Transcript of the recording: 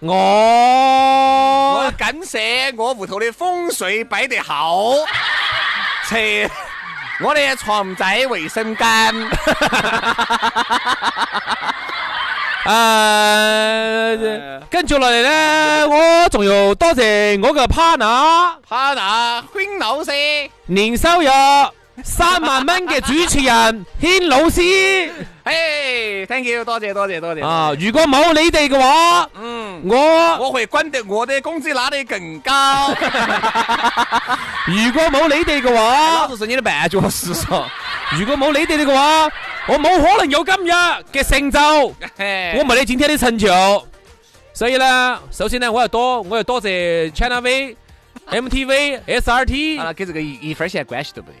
我我感謝我胡頭嘅風水擺得好， 我哋嘅床仔衛生間，誒、 uh, uh，跟住落嚟咧，我仲要多謝我嘅 partner，partner 軒老師，年收入三萬蚊嘅主持人軒老師，誒，thank you，多謝多謝多謝，啊、uh, 主持人，如果冇你哋嘅話，主持人我我會管得我的工資拿得更高。 如果冇你得個話， 老子是你的絆腳石嗦。如果冇你的這個話，我冇可能有今日嘅成就。我冇得今天的成就。所以呢，首先呢，我要多我要多謝 Channel V、MTV、 SRT 啊，跟這個一一分錢關係都不對。